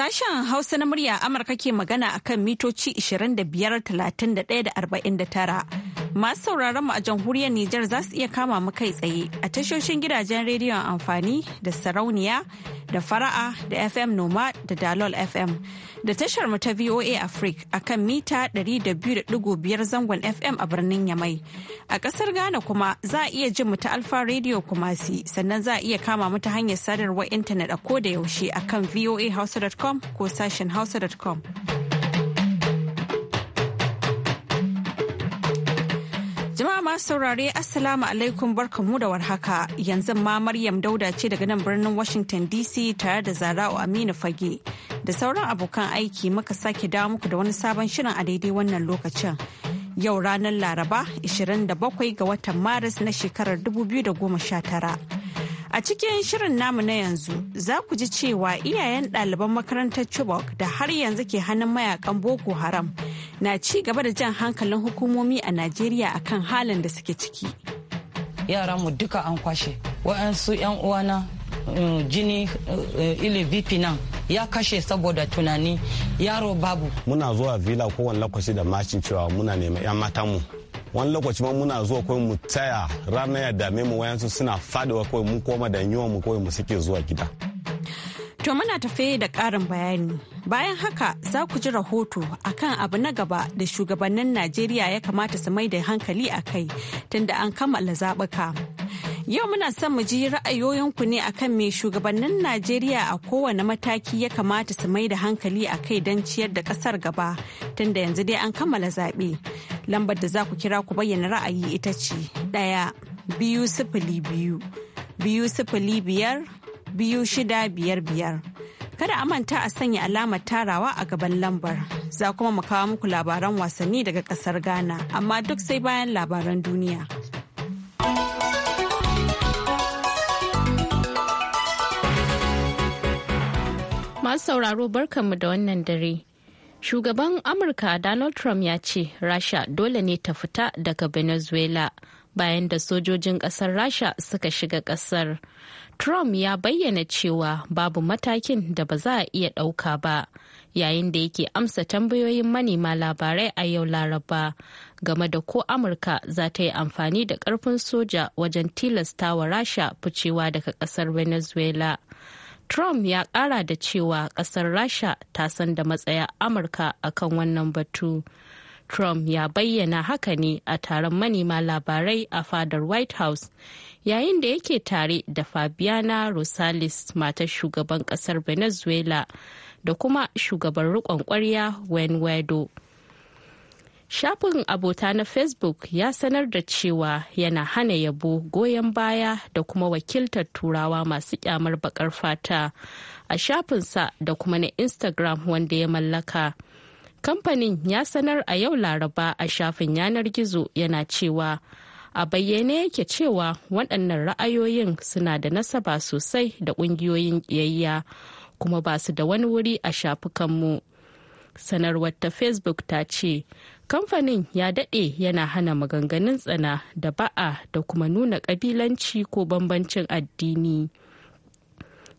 Sashen Hausa na murya Amurka ke magana akan mitoci 25, 31 da 49. Masu sauraron mu a jamhuriyar Nijar za su iya kama mu kai tsaye a tashoshin gidajen rediyon amfani da sarauniya da fara'a da FM Noma da Dalol FM da tashar mu ta VOA Africa a kan mita 200.5 zangon FM a birnin Yamai. A kasar Ghana kuma za a iya jin mu ta Alfa Radio Kumasi sannan za a iya kama mu ta hanyar sadarwar intanet a ko da yaushe a kan voahausa.com ko sashen hausa.com. Jama'a masu saurare Assalamu alaikum barkamu da warhaka yanzu ma Maryam Dauda ce daga nan birnin Washington DC tare da Zara'u Aminu Fage da sauran abokan aiki muka sake dawo muku da wani sabon shirin a daidai wannan lokacin. Yau ranar Laraba 27 ga watan Maris na shekarar 2019. A cikin shirin namu na yanzu za ku ji cewa iyayen ɗaliban makarantar Chibok da har yanzu ke hannun mayakan Boko Haram na ci gaba da jan hankalin hukumomi a Najeriya akan halin da suke ciki. Yara mu duka an kwashe, wa'ansu 'yan uwana mm, jini eh, ili VP nan ya kashe saboda tunani yaro babu. Muna zuwa villa kowane lokaci da macin cewa muna nema 'yan matanmu. wani lokaci ma muna zuwa kawai mu taya ranar ya dame mu wayansu suna faduwa kawai mu koma da yiwa mu kawai mu suke zuwa gida. To muna tafe da ƙarin bayani. Bayan haka za ku ji rahoto akan abu na gaba da shugabannin Najeriya ya kamata su mai da hankali a kai tunda an kammala zaɓuka. Yau muna son mu ji ra'ayoyinku ne akan me shugabannin Najeriya a kowane mataki ya kamata su mai da hankali a kai don ciyar da ƙasar gaba tunda yanzu dai an kammala zaɓe. Lambar da za ku kira ku bayyana ra'ayi ita ce ɗaya biyu sifili biyu biyu sifili biyar biyu shida biyar biyar. Kada a manta a sanya alamar tarawa a gaban lambar. Za kuma mu kawo muku labaran wasanni daga kasar Ghana, amma duk sai bayan labaran duniya. Masu sauraro barkanmu da wannan dare. Shugaban Amurka Donald Trump ya ce Rasha dole ne ta fita daga Venezuela bayan da sojojin kasar Rasha suka shiga kasar. Trump ya bayyana cewa babu matakin da ba za a iya ɗauka ba yayin da yake amsa tambayoyin manema labarai a yau Laraba game da ko Amurka za ta yi amfani da ƙarfin soja wajen tilasta wa Rasha ficewa daga ƙasar Venezuela. Trump ya ƙara da cewa ƙasar Rasha ta san da matsaya Amurka a kan wannan batu. Trump ya bayyana haka ne a taron manema labarai a fadar White House yayin da yake tare da Fabiana Rosales matar shugaban kasar Venezuela da kuma shugaban rikon kwarya Wenwedo. Shafin abota na Facebook ya sanar da cewa yana hana yabo goyon baya da kuma wakiltar turawa masu kyamar bakar fata a shafinsa da kuma na Instagram wanda ya mallaka. Kamfanin ya sanar a yau Laraba a shafin yanar gizo yana cewa a bayyane yake cewa waɗannan ra'ayoyin suna da nasaba sosai da ƙungiyoyin ƙiyayya kuma ba su da wani wuri a shafukanmu. Sanarwar ta Facebook ta ce, kamfanin ya daɗe yana hana maganganun tsana da ba'a da kuma nuna ƙabilanci ko bambancin addini.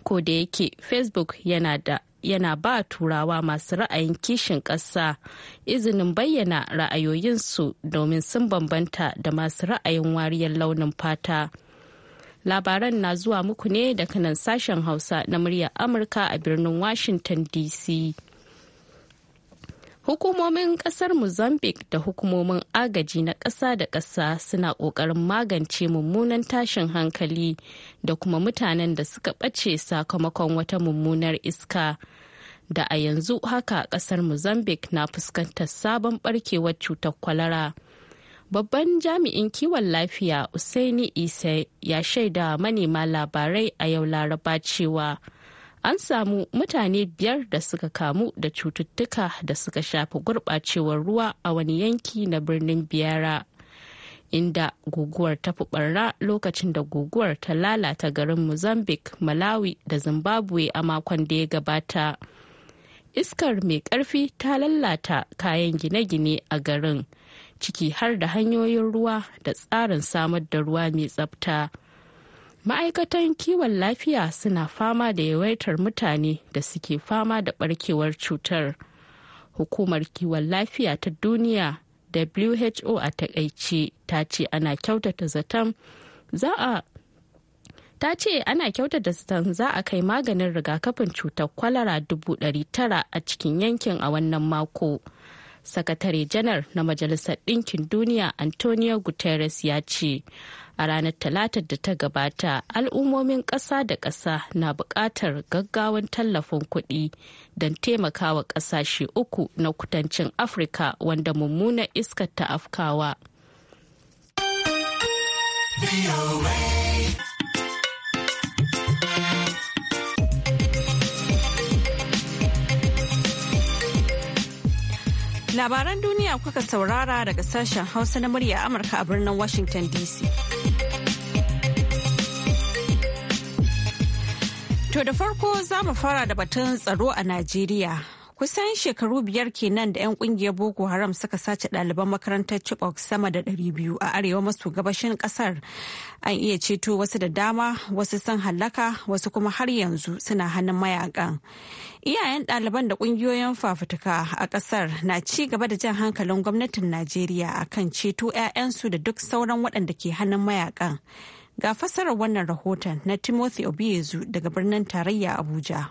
ko da yake facebook yana da yana ba turawa masu ra'ayin kishin ƙasa izinin bayyana ra'ayoyinsu domin sun bambanta da masu ra'ayin wariyar launin fata labaran na zuwa muku ne daga nan sashen hausa na muryar amurka a birnin washington dc hukumomin kasar mozambique da hukumomin agaji na ƙasa da ƙasa suna ƙoƙarin magance mummunan tashin hankali da kuma mutanen da suka ɓace sakamakon wata mummunar iska. Da a yanzu haka ƙasar Mozambique na fuskantar sabon ɓarkewar cutar kwalara. Babban jami'in kiwon lafiya Usaini Isa ya shaida manema labarai a yau Laraba cewa an samu mutane biyar da suka kamu da cututtuka da suka shafi gurɓacewar ruwa a wani yanki na birnin Biyara. inda guguwar ta fi barna lokacin da guguwar ta lalata garin mozambique malawi da zimbabwe a makon da ya gabata iskar mai karfi ta lalata kayan gine-gine a garin ciki har da hanyoyin ruwa da tsarin samar da ruwa mai tsabta ma'aikatan kiwon lafiya suna fama da yawaitar mutane da suke fama da barkewar cutar hukumar kiwon lafiya ta duniya who a takaice ta ce ana kyautata zaton za a ta ce ana kyautata zaton za a kai maganin rigakafin cutar kwalara dubu tara a cikin yankin a wannan mako sakatare janar na majalisar ɗinkin duniya antonio guterres ya ce a ranar talatar da ta gabata al'ummomin ƙasa da ƙasa na buƙatar gaggawan tallafin kuɗi don taimakawa ƙasashe uku na kudancin afirka wanda mummuna iskar ta afkawa. Labaran duniya kuka saurara daga sashen Hausa na murya Amurka a birnin Washington DC. To da farko za mu fara da batun tsaro a Najeriya. Kusan shekaru biyar kenan da 'yan kungiyar Boko Haram suka sace ɗaliban makarantar Chibok sama da 200 a arewa maso gabashin ƙasar. An iya ceto wasu da dama, wasu sun hallaka, wasu kuma har yanzu suna hannun mayakan. Iyayen ɗaliban da ƙungiyoyin fafutuka a ƙasar na ci gaba da jan hankalin gwamnatin Najeriya akan ceto 'ya'yansu da duk sauran waɗanda ke hannun mayakan. Ga fassarar wannan rahoton na Timothy Obiezu daga birnin tarayya Abuja.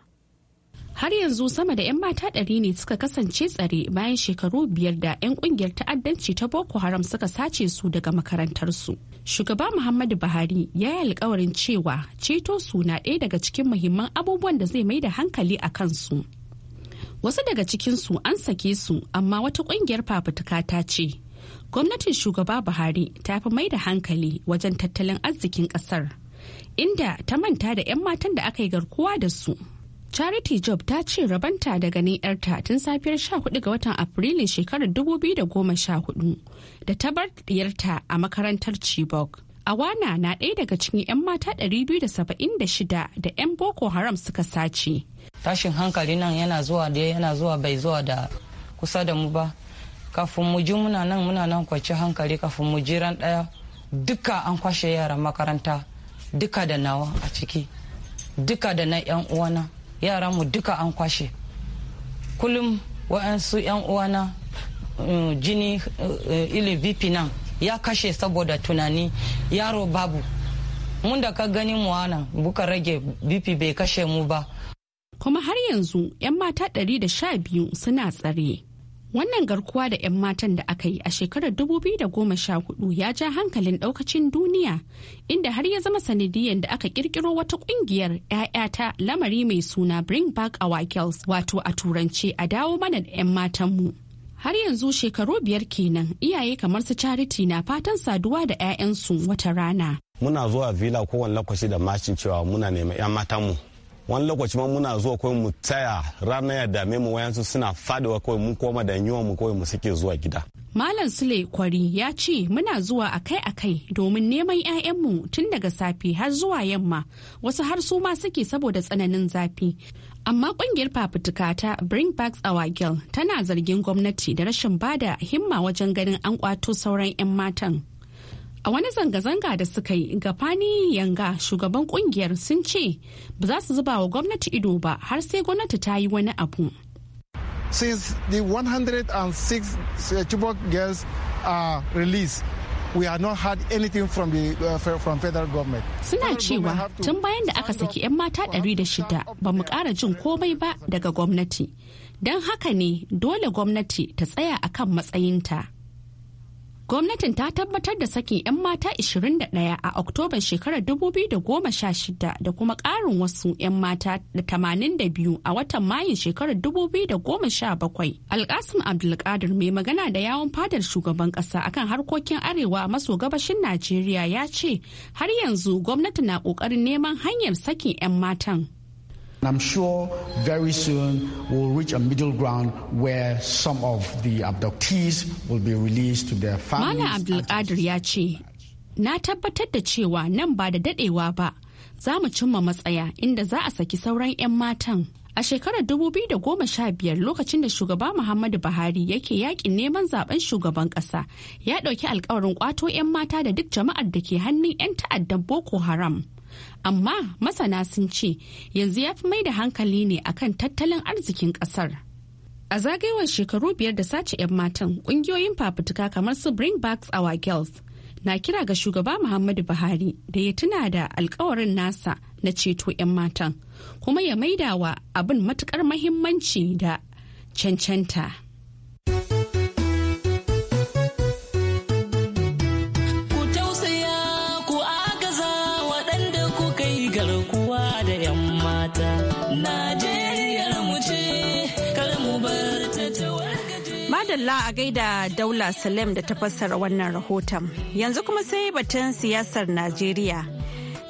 har yanzu sama da 'yan mata ɗari ne suka kasance tsare bayan shekaru biyar da 'yan ƙungiyar ta'addanci ta boko haram suka sace su daga makarantar su shugaba muhammadu buhari ya yi alkawarin cewa ceto su na ɗaya daga cikin muhimman abubuwan da zai mai da hankali a kansu wasu daga cikin su an sake su amma wata ƙungiyar fafutuka ta ce gwamnatin shugaba buhari ta fi mai da hankali wajen tattalin arzikin kasar inda ta manta da 'yan matan da aka yi garkuwa da su Charity Job ta ce rabanta da ganin yarta tun safiyar 14 ga watan afrilu shekarar 2014 da ta bar diyarta a makarantar Chibok. Awana na ɗaya daga cikin 'yan mata 276 da 'yan Boko Haram suka sace. Tashin hankali nan yana zuwa da yana zuwa bai zuwa da kusa da mu ba. kafin mu ji muna nan muna nan kwanci hankali kafin mu ji ran daya duka an kwashe yaran makaranta duka da nawa a ciki duka da na yan uwana yaran mu duka an kwashe kullum wa'ansu yan uwana mm, jini eh, ile vp nan ya kashe saboda tunani yaro babu mun da ka gani mu ana buka rage vp bai kashe mu ba kuma har yanzu 'yan mata 112 suna tsare Wannan garkuwa da 'yan matan da aka yi a shekarar 2014 ya ja hankalin daukacin duniya inda har ya zama sanadiyar da aka kirkiro wata kungiyar 'ya'yata lamari mai suna Bring Back Our Girls wato a turance a dawo mana da 'yan matanmu. Har yanzu shekaru biyar kenan iyaye kamar su Charity na fatan saduwa da 'ya'yansu wata rana. Muna zuwa villa kowane lokaci da mashin cewa muna neman 'yan matanmu wani lokaci ma muna zuwa kawai mu tsaya ranar ya dame mu wayansu suna fadiwa kawai mu koma da yiwa mu kawai mu suke zuwa gida. Malam Sule Kwari ya ce muna zuwa akai-akai domin neman 'ya'yan mu tun daga safe har zuwa yamma wasu har su ma suke saboda tsananin zafi. Amma kungiyar fafutuka ta Bring Back Our Girl tana zargin gwamnati da rashin bada himma wajen ganin an kwato sauran 'yan matan. a wani zanga-zanga da suka yi gafani yanga shugaban kungiyar sun ce ba za su zuba wa gwamnati ido ba har sai gwamnati ta yi wani abu since the 106 uh, chibok girls are released we are not had anything from the uh, from federal government. Suna cewa tun bayan da aka saki 'yan mata 106 ba mu ƙara jin komai ba daga gwamnati. Don haka ne dole gwamnati ta tsaya a kan matsayinta. gwamnatin ta tabbatar da sakin 'yan mata 21 a oktoba shekarar 2016 da kuma ƙarin wasu 'yan mata da 82 a watan mayu shekarar 2017 alkasim abdulkadir mai magana da yawon fadar shugaban ƙasa akan harkokin arewa maso gabashin najeriya ya ce har yanzu gwamnati na ƙoƙarin neman hanyar sakin 'yan matan I'm sure very soon we'll reach a middle ground where some of the abductees will be released to their families. Malam Abdulkadir ya ce, na tabbatar da cewa nan ba da dadewa ba za mu cimma matsaya inda za a saki sauran 'yan matan. A shekarar 2015 lokacin da shugaba Muhammadu Buhari yake yakin neman zaben shugaban kasa ya ɗauki alkawarin kwato 'yan mata da duk jama'ar da ke hannun 'yan ta'addan Boko Haram. amma masana sun ce yanzu ya fi mai da hankali ne akan tattalin arzikin kasar. A zagayewar shekaru biyar da sace 'yan matan ƙungiyoyin fafutuka kamar su Bring Back Our Girls na kira ga shugaba Muhammadu Buhari da ya tuna da alkawarin nasa na ceto 'yan matan kuma ya maida wa abin matukar mahimmanci da cancanta. Madalla a gaida Daula Salim da ta fassara wannan rahoton. Yanzu kuma sai batun siyasar Najeriya.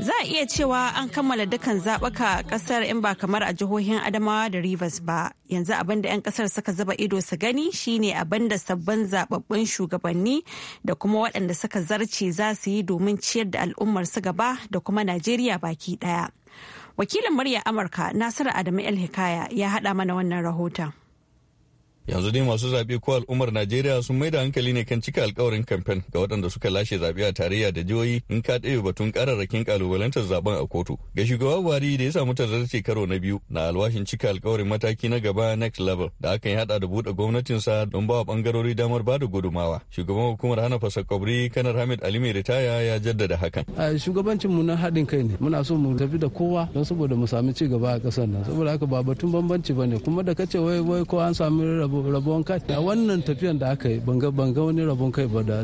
Za a iya cewa an kammala dukan zaɓuka ƙasar in ba kamar a jihohin Adamawa da Rivers ba. Yanzu abin da 'yan ƙasar suka zaba ido su gani shine abin da sabbin zababbun shugabanni da kuma waɗanda suka zarce za su yi domin ciyar da al'ummar su gaba da kuma Najeriya baki ɗaya. Wakilin murya Amurka Nasiru Adamu El Hikaya ya haɗa mana wannan rahoton. yanzu dai masu zaɓe ko al'ummar najeriya sun mai da hankali ne kan cika alkawarin kamfen ga waɗanda suka lashe zaɓe a tarayya da jihohi in ka ɗaya batun ƙararrakin ƙalubalantar zaben a kotu ga shugaba buhari da ya samu tazarce karo na biyu na alwashin cika alkawarin mataki na gaba next level da aka yi haɗa da buɗe gwamnatinsa don ba wa ɓangarori damar ba da gudumawa shugaban hukumar hana fasa kwabri kanar hamid ali mai ritaya ya jaddada hakan shugabancin mu na haɗin kai ne muna so mu tafi da kowa don saboda mu sami ci gaba a ƙasar nan saboda haka ba batun bambanci ba ne kuma da kace wai wai ko an sami rabo rabon kai a wannan tafiyan da aka yi banga banga wani rabon kai ba da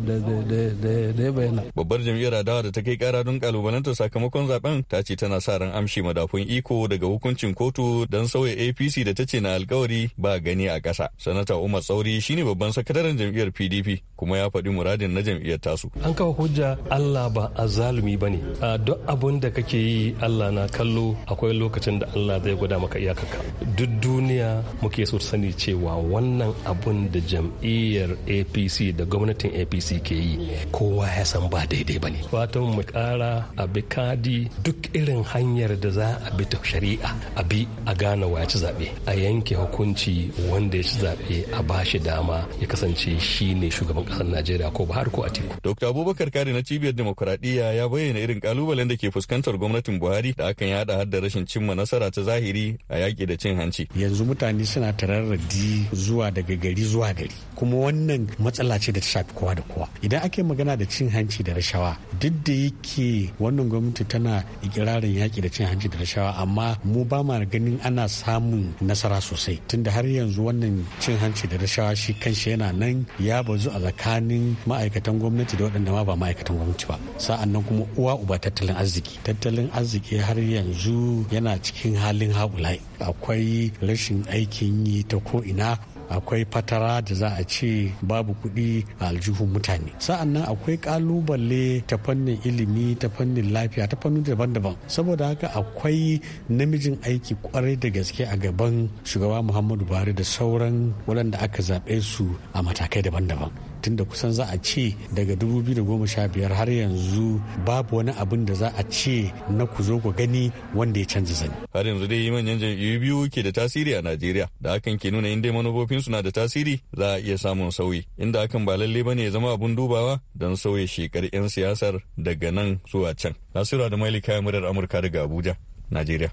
ya bayyana babbar jam'iyyar adawa da ta kai kara don kalubalanta sakamakon zaben ta ce tana sa ran amshi madafun iko daga hukuncin kotu don sauya apc da ta ce na alkawari ba gani a ƙasa sanata umar tsauri shine babban sakataren jam'iyyar pdp kuma ya faɗi muradin na jam'iyyar tasu an kawo hujja allah ba a zalumi ba ne duk abin da kake yi allah na kallo akwai lokacin da allah zai gwada maka iyakarka duk duniya muke so sani cewa wannan abun da jam'iyyar apc da gwamnatin apc ke yi kowa ya san ba daidai ba ne fatan mu kara a bi kadi duk irin hanyar da za a bi ta shari'a a bi a gane wa ya ci zaɓe a yanke hukunci wanda ya ci zaɓe a ba shi dama ya kasance shi ne shugaban ƙasar najeriya ko buhari ko atiku dr abubakar kare na cibiyar demokuraɗiyya ya bayyana irin kalubalen da ke fuskantar gwamnatin buhari da akan yada har da rashin cimma nasara ta zahiri a yaƙi da cin hanci yanzu mutane suna tararradi zuwa daga gari zuwa gari kuma wannan matsala ce da ta shafi kowa da kowa idan ake magana da cin hanci da rashawa duk da yake wannan gwamnati tana ikirarin yaki da cin hanci da rashawa amma mu ba ma ganin ana samun nasara sosai tunda har yanzu wannan cin hanci da rashawa shi kanshi yana nan ya bazu a tsakanin ma'aikatan gwamnati da waɗanda ma ba ma'aikatan gwamnati ba sa'an nan kuma uwa uba tattalin arziki tattalin arziki har yanzu yana cikin halin haɓulai akwai rashin aikin yi ta ko ina akwai fatara da za a ce babu kuɗi a aljihun mutane sa'annan akwai kalubale ta fannin ilimi ta fannin lafiya ta fannin daban-daban saboda haka akwai namijin aiki kwarai da gaske a gaban shugaba muhammadu buhari da sauran waɗanda aka zaɓe su a matakai daban-daban da kusan za a ce daga 2015 har yanzu babu wani abin da za a ce na ku zo ku gani wanda ya canza zani. Har yanzu dai manyan jam'iyyu biyu ke da tasiri a Najeriya da hakan ke nuna inda manufofin na da tasiri za a iya samun sauyi inda hakan ba lalle bane ya zama abun dubawa don sauya shekar 'yan siyasar daga nan zuwa can. Nasiru da Malika murar Amurka daga Abuja, Najeriya.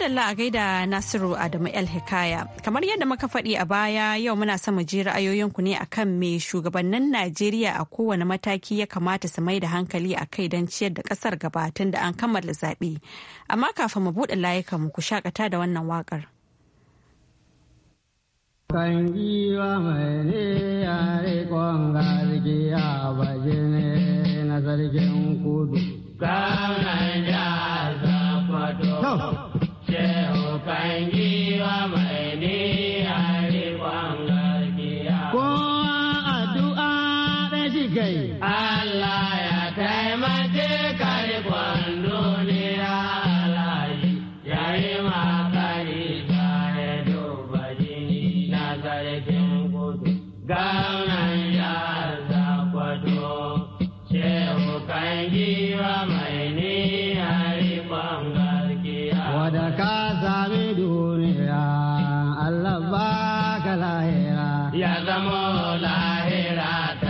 madalla a gaida Nasiru Adamu El Hikaya. Kamar yadda muka faɗi a baya yau muna so mu ji ra'ayoyinku ne akan me shugabannin Najeriya a kowane mataki ya kamata su mai da hankali a kai don ciyar da ƙasar gabatun da an kammala zaɓe. Amma kafin mu buɗe layukan mu ku shakata da wannan waƙar. Kan giwa mai ne na mai Rajamola Hirata.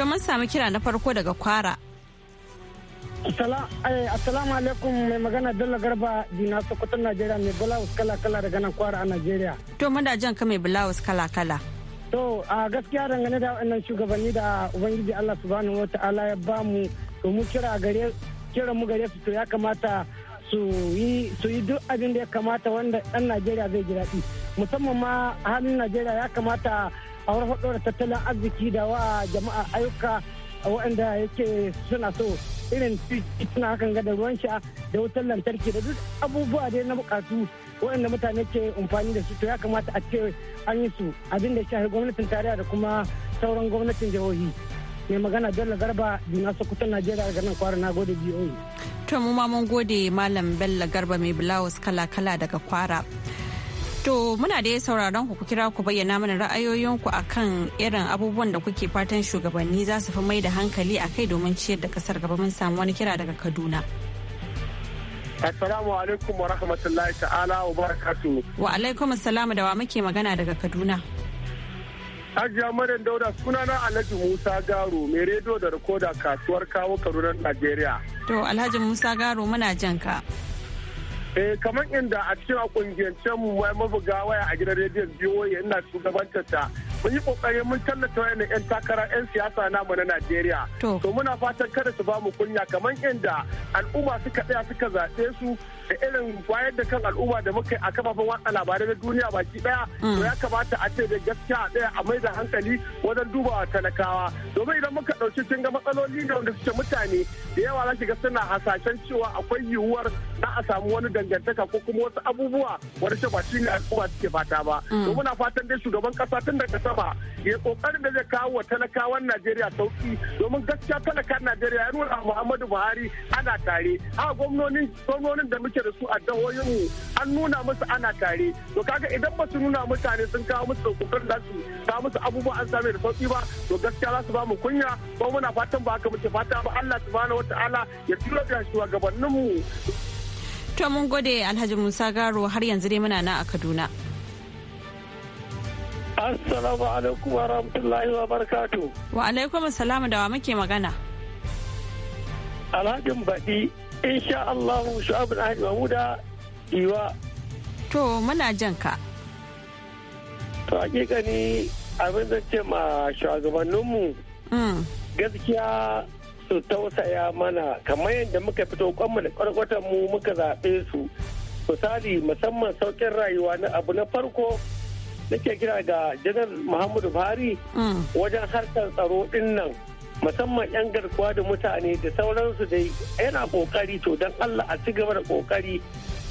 To mun samu kira na farko daga kwara. Eh, assalamu alaikum mai magana Bello Garba Dina Sokoto Najeriya mai bulawus kala-kala daga nan kwara a Najeriya. To muna jan ka mai bulawus kala-kala. To a gaskiya dangane da waɗannan shugabanni da Ubangiji Allah subhanahu wa ta'ala ya ba mu to mu kira gare kira mu gare su to ya kamata su yi su yi duk abin da ya kamata wanda ɗan Najeriya zai ji daɗi musamman ma halin Najeriya ya kamata a hudu da tattalin arziki da wa jama'a ayyuka waɗanda yake suna so irin suna hakan ga da ruwan sha da wutar lantarki da duk abubuwa dai na bukatu waɗanda mutane ke amfani da su to ya kamata a ce an yi su abin da shahar gwamnatin tarayya da kuma sauran gwamnatin jihohi mai magana bello garba juna sokoton najeriya daga nan kwara na gode biyu. to mu ma mun gode malam bello garba mai bulawus kala-kala daga kwara To muna da sauraron ku kira ku bayyana mana ra'ayoyinku kan irin abubuwan da kuke fatan shugabanni za su fi mai da hankali a kai domin ciyar da kasar gaba mun samu wani kira daga Kaduna. Assalamu alaikum wa rahmatullahi ta'ala wa barakatuhu. Wa alaikum assalamu da wa muke magana daga Kaduna. Hajiya Maryam Dauda sunana Alhaji Musa Garo mai rediyo da rikoda kasuwar kawo Kaduna Najeriya. To Alhaji Musa Garo muna jan ka. Eh kamar inda a cikin a kungiyancen mu wai mabuga waya a gidan rediyon BOA ina shugabantar ta mun yi kokari mun tallata wayannan yan takara yan siyasa na mu na Najeriya. To muna fatan kada su ba mu kunya kamar inda al'umma suka tsaya suka zaɓe su da irin wayar da kan al'umma da muka a kafafen watsa labarai na duniya baki daya to mm. ya kamata a ce da gaskiya daya a mai da hankali wajen duba talakawa domin idan muka dauki kin ga matsaloli da wanda suke mutane da yawa za ki ga suna hasashen cewa akwai yiwuwar za a samu wani dangantaka ko kuma wasu abubuwa wanda ce ba shine al'umma suke fata ba mm. to muna fatan dai shugaban kasa tun daga sama ya kokarin da zai kawo wa talakawan Najeriya sauki domin gaskiya talakawan Najeriya ya nuna Muhammadu Buhari ana tare a gwamnonin gwamnonin da muke muke da su a mu an nuna musu ana tare to kaga idan ba su nuna mutane sun kawo musu kokarin da su kawo musu abubuwa an same da sauki ba to gaskiya za su ba mu kunya ko muna fatan ba haka muke fata ba Allah subhanahu wataala ya tura da shi mu. To mun gode Alhaji Musa Garo har yanzu dai muna na a Kaduna. Assalamu alaikum wa rahmatullahi wa barakatuh Wa alaikum salam da wa muke magana. Alhajin baɗi insha Allah shu'abu na hajji iwa to muna jan ka to hakika ni abin da ce ma shugabanninmu mm. gaskiya su tausaya mana kamar yadda muka fito kwanmu da kwarkwatan mu muka zaɓe su misali musamman saukin rayuwa na abu na farko nake kira ga janar muhammadu buhari mm. wajen harkar tsaro din nan musamman 'yan garkuwa da mutane da sauransu da yana kokari to don allah a ci gaba da kokari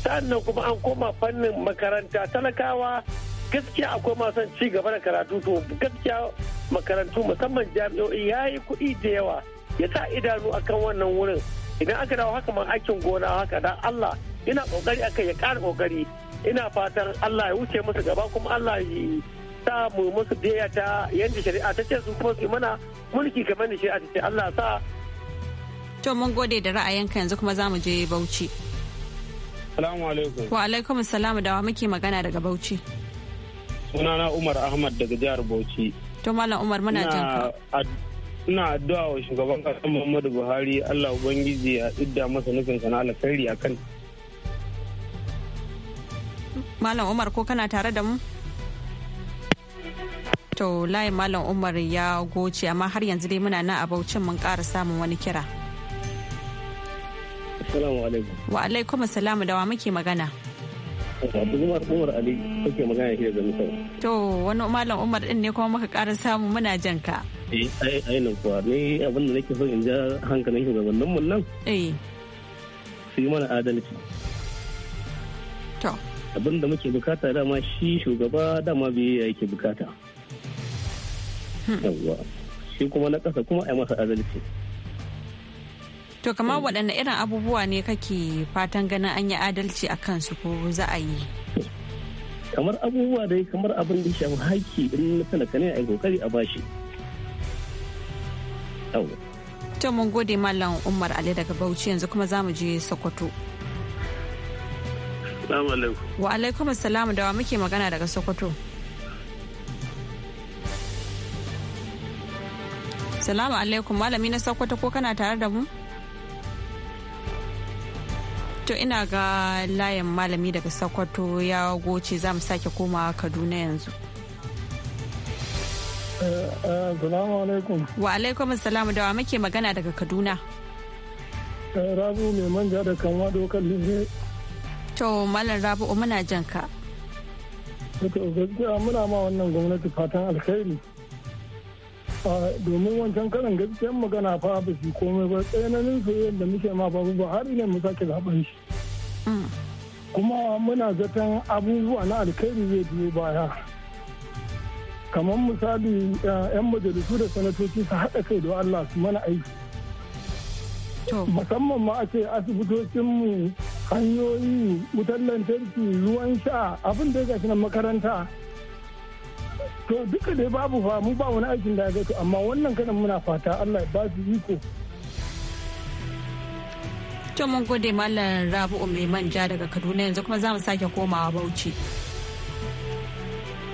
sannan kuma an koma fannin makaranta talakawa gaskiya akwai masu ci gaba da karatu to gaskiya makarantu musamman jami'o'i ya yi kuɗi da yawa ya sa idanu akan wannan wurin idan aka dawo haka man aikin gona haka dan allah ina kokari aka ya ƙara kokari ina fatan allah ya wuce musu gaba kuma allah ya sa mu musu ta yanda shari'a ta ce su kuma su mana mulki kamar da shi a cikin Allah sa to mun gode da ra'ayinka yanzu kuma za mu je Bauchi Salamu alaikum Wa alaikum salam da wa muke magana daga Bauchi Sunana Umar Ahmad daga jihar Bauchi To Malam Umar muna jin ka ina addu'a wa shugaban kasa Muhammadu Buhari Allah ubangiji ya idda masa nufin sana alkhairi akan Malam Umar ko kana tare da mu? to layin malam umar ya goce amma har yanzu dai muna nan a baucin mun ƙara samun wani kira Assalamu alaikum. Wa alaikum assalamu da wa muke magana. Abdulmar Umar Ali kuke magana shi da Misau. To wani malam Umar din ne kuma muka ƙara samu muna jan ka. Eh ai ai nan kuwa ne abin da nake so in ja hankalin shugabannin mun nan. Eh. Su yi mana adalci. To. Abin da muke bukata dama shi shugaba dama bai yake bukata. yawwa shi kuma na ƙasa kuma a yi masa adalci to kamar waɗanne irin abubuwa ne kake fatan ganin an yi adalci a kansu ko za a yi kamar abubuwa dai kamar abin da shafi haƙƙi in na talaka ne a yi kokari a bashi to mun gode mallam umar ali daga bauchi yanzu kuma za mu je sokoto wa alaikum assalamu da wa muke magana daga sokoto Salamu alaikum malami na Sokoto ko kana tare da mu? To ina ga layin malami daga Sokoto ya goce za mu sake komawa Kaduna yanzu. Eh, eh, salamu alaikum. Wa alaikum salamu dawa muke magana daga Kaduna. Eh, Rabu mai manja da kanwa dokar linge. To Malam Rabu muna jan ka. Duka gaskiya muna ma wannan gwamnati fatan alkhairi. domin wancan karin gaskiyar magana fa ba su komai ba tsananin soyayyar da muke ma babu buhari ne mu sake zaben shi mm. kuma muna zaton abubuwa na alkhairi zai biyo baya kamar misali 'yan majalisu da sanatoci su haɗa kai da allah su mana aiki musamman ma a ce asibitocinmu hanyoyi wutar lantarki ruwan sha abin da ya gashi na makaranta to duka dai babu fa mu ba wani aikin da ya amma wannan kanan muna fata Allah ba su yi ko. to mun gode mallam rabu'u mai manja daga kaduna yanzu kuma za mu sake komawa bauchi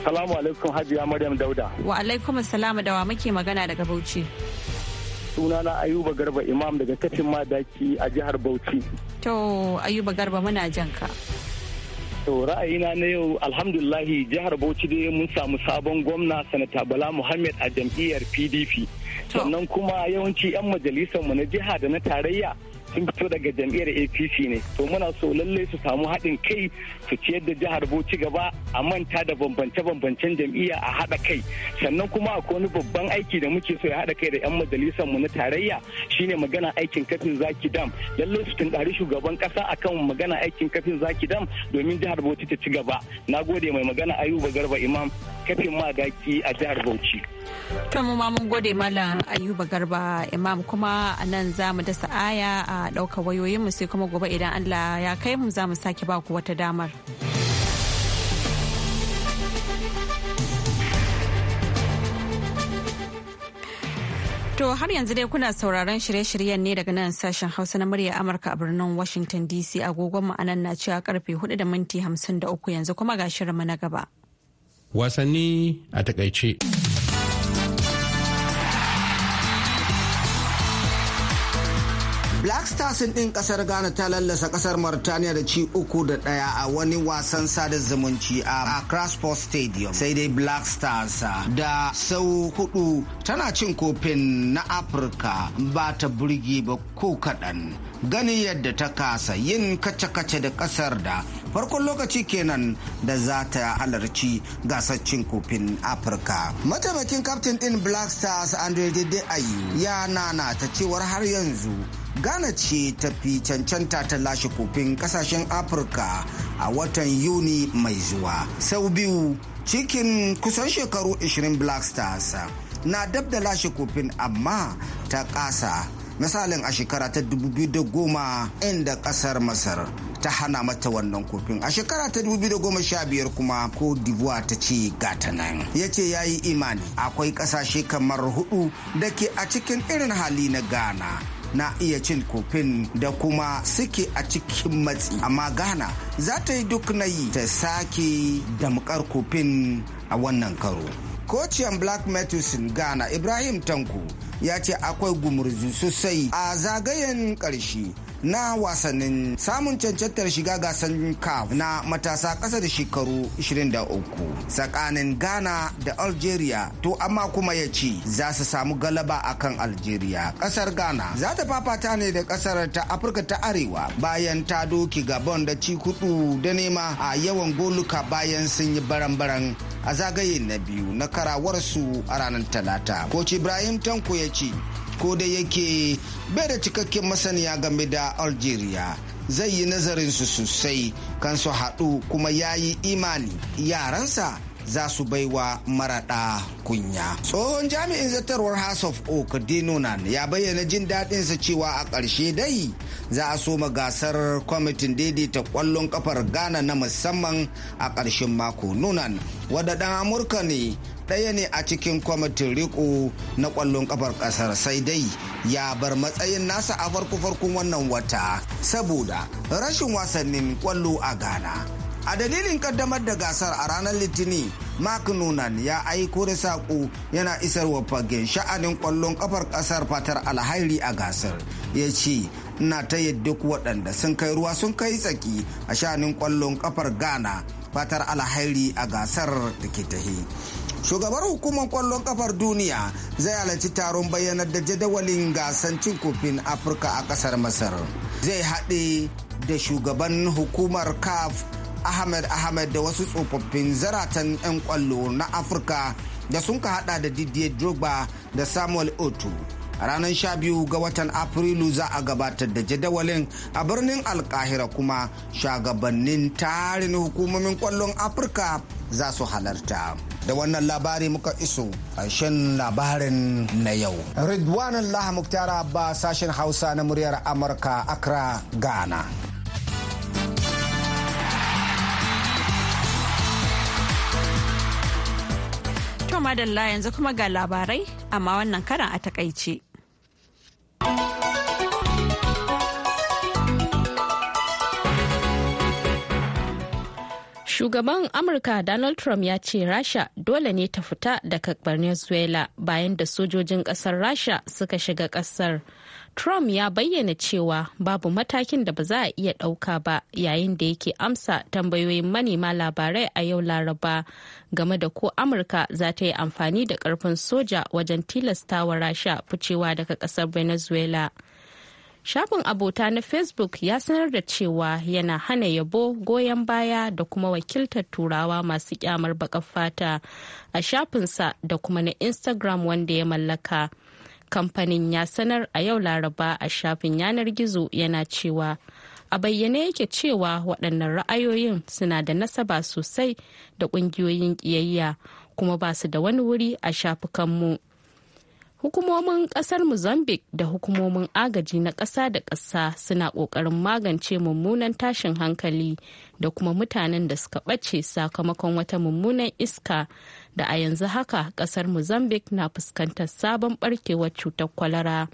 salamu alaikum hajiya maryam dauda wa alaikum salamu dawa muke magana daga bauchi sunana ayuba garba imam daga katin madaki a jihar bauchi to ayuba garba muna jan ka To ra'ayina na yau alhamdulillahi jihar Bauchi dai mun samu sabon gwamna sanata Bala Muhammad a jam'iyyar PDP. Sannan kuma yawanci 'yan majalisarmu na jiha da na tarayya sun fito daga jam'iyyar apc ne to muna so lalle su samu haɗin kai su ciyar da jihar bauchi gaba a manta da bambance-bambancen jam'iyya a haɗa kai sannan kuma akwai wani babban aiki da muke so ya haɗa kai da 'yan majalisar mu na tarayya shine magana aikin kafin zaki dam lalle su tunkari shugaban kasa akan magana aikin kafin zaki dam domin jihar bauchi ta ci gaba na gode mai magana ayuba garba imam kafin magaki a jihar bauchi to mu ma mun gode malam ayuba garba imam kuma a nan za mu dasa aya a gama ɗaukar wayoyinmu sai kuma gobe idan Allah ya kai mu za mu sake ba ku wata damar. To har yanzu dai kuna sauraron shirye-shiryen ne daga nan sashen Hausa na murya Amurka a birnin Washington DC agogon ma'anan na cewa karfe 4 da minti 53 yanzu kuma ga shirinmu na gaba. Wasanni a takaice. black stars ɗin ƙasar ghana ta lallasa ƙasar mauritania da ci uku da ɗaya a wani wasan sada zumunci a accra sports stadium sai dai black stars da sau hudu tana cin kofin na afirka ba ta burge ba ko kaɗan gani yadda ta kasa yin kace-kace da ƙasar da farkon lokaci kenan da za ta halarci gasar cin kofin afirka mataimakin kaftin ɗin black stars andre ayu ya nana ta cewar har yanzu ghana ce ta fi cancanta ta lashe kofin kasashen afirka a watan yuni mai zuwa sau biyu cikin kusan shekaru 20 black stars na dab da lashe kofin amma ta kasa misalin a shekara ta 2010 inda kasar masar ta hana mata wannan kofin a shekara ta 2015 kuma ko divoire ta ce gata nan ya ce ya yi imani akwai kasashe kamar hudu da ke a cikin irin hali na ghana na iya cin kofin da kuma suke a cikin matsi amma ghana za ta yi duk na yi ta sake damkar kofin a wannan karo kociyan black medicine ghana ibrahim tanko ya ce akwai gumurzu sosai a zagayen karshe. na wasannin samun cancantar shiga gasan CAF na matasa ƙasa da shekaru 23 tsakanin Ghana da Algeria to amma kuma ya ce za su samu galaba a kan Algeria. Ƙasar Ghana za ta fafata ne da ƙasar ta Afirka ta Arewa bayan ta doki Gabon da ci kudu da nema a yawan goluka bayan sun yi baran-baran a zagaye na biyu na karawarsu a ranar Talata. koci Ibrahim Tanko ya ce ko da yake bai da cikakken masaniya game da algeria zai yi nazarin su sosai kan su haɗu kuma ya yi imani yaransa za su baiwa maraɗa kunya. Tsohon jami'in zartarwar House of Oak Dinonan ya bayyana jin daɗinsa cewa a ƙarshe dai za a soma gasar kwamitin daidaita ƙwallon ƙafar Ghana na musamman a ƙarshen mako. Nunan wadda ɗan Amurka ne ɗaya ne a cikin kwamitin riko na ƙwallon ƙafar ƙasar sai dai ya bar matsayin nasa a farko-farkon wannan wata saboda rashin wasannin ƙwallo a ghana a dalilin kaddamar da gasar a ranar litinin mark nunan ya aiko da saƙo yana isar wa fagen sha'anin ƙwallon ƙafar ƙasar fatar alhairi a gasar ya ce na ta yadda waɗanda sun kai ruwa sun kai tsaki a sha'anin ƙwallon ƙafar ghana fatar alhairi a gasar da ke tahi shugabar hukumar kwallon kafar duniya zai halarci taron bayyanar da jadawalin gasan cin kofin afirka a kasar masar zai haɗe da shugaban hukumar caf ahmed ahmed da wasu tsofaffin zaratan 'yan kwallo na afirka da sun ka hada da didier drogba da samuel otu a ranar 12 ga watan afrilu za a gabatar da jadawalin a birnin alkahira kuma shagabannin tarin hukumomin kwallon afirka za su halarta da wannan labari muka iso ƙarshen labarin na yau ridwan allah muktar ba sashen hausa na muryar amurka accra ghana madalla yanzu kuma ga labarai amma wannan karan a takaice. Shugaban Amurka Donald Trump ya ce Rasha dole ne ta fita daga Venezuela bayan da sojojin ƙasar Rasha suka shiga ƙasar. Trump ya bayyana cewa babu matakin da ba za a iya ɗauka ba yayin da yake amsa tambayoyin manema labarai a yau Laraba game da ko Amurka za ta yi amfani da ƙarfin soja wajen tilastawa Rasha ficewa daga ƙasar Venezuela. Shafin abota na Facebook ya sanar da cewa yana hana yabo goyon baya da kuma wakiltar turawa masu kyamar baƙar fata a shafinsa da kuma na Instagram wanda ya mallaka. kamfanin ya sanar a yau laraba a shafin yanar gizo yana cewa a bayyane yake cewa waɗannan ra'ayoyin suna da nasaba sosai da ƙungiyoyin ƙiyayya kuma ba su da wani wuri a shafukanmu hukumomin ƙasar mozambique da hukumomin agaji na ƙasa da ƙasa suna ƙoƙarin magance mummunan tashin hankali da kuma mutanen da suka ɓace sakamakon wata mummunan iska da a yanzu haka kasar mozambique na fuskantar sabon barkewar cutar kwalara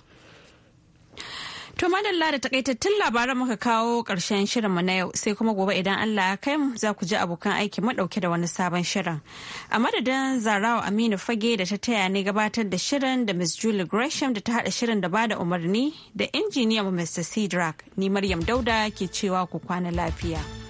To madalla da takaitattun labaran muka kawo ƙarshen mu na yau sai kuma gobe idan Allah ya kai za ku ji abokan aiki madauke da wani sabon shirin. A madadin Zarawa Aminu Fage da ta taya ne gabatar da shirin da ms Julie Gresham da ta haɗa shirin da bada umarni da injiniyan Mr. Cedric ni Maryam Dauda ke cewa ku kwana lafiya.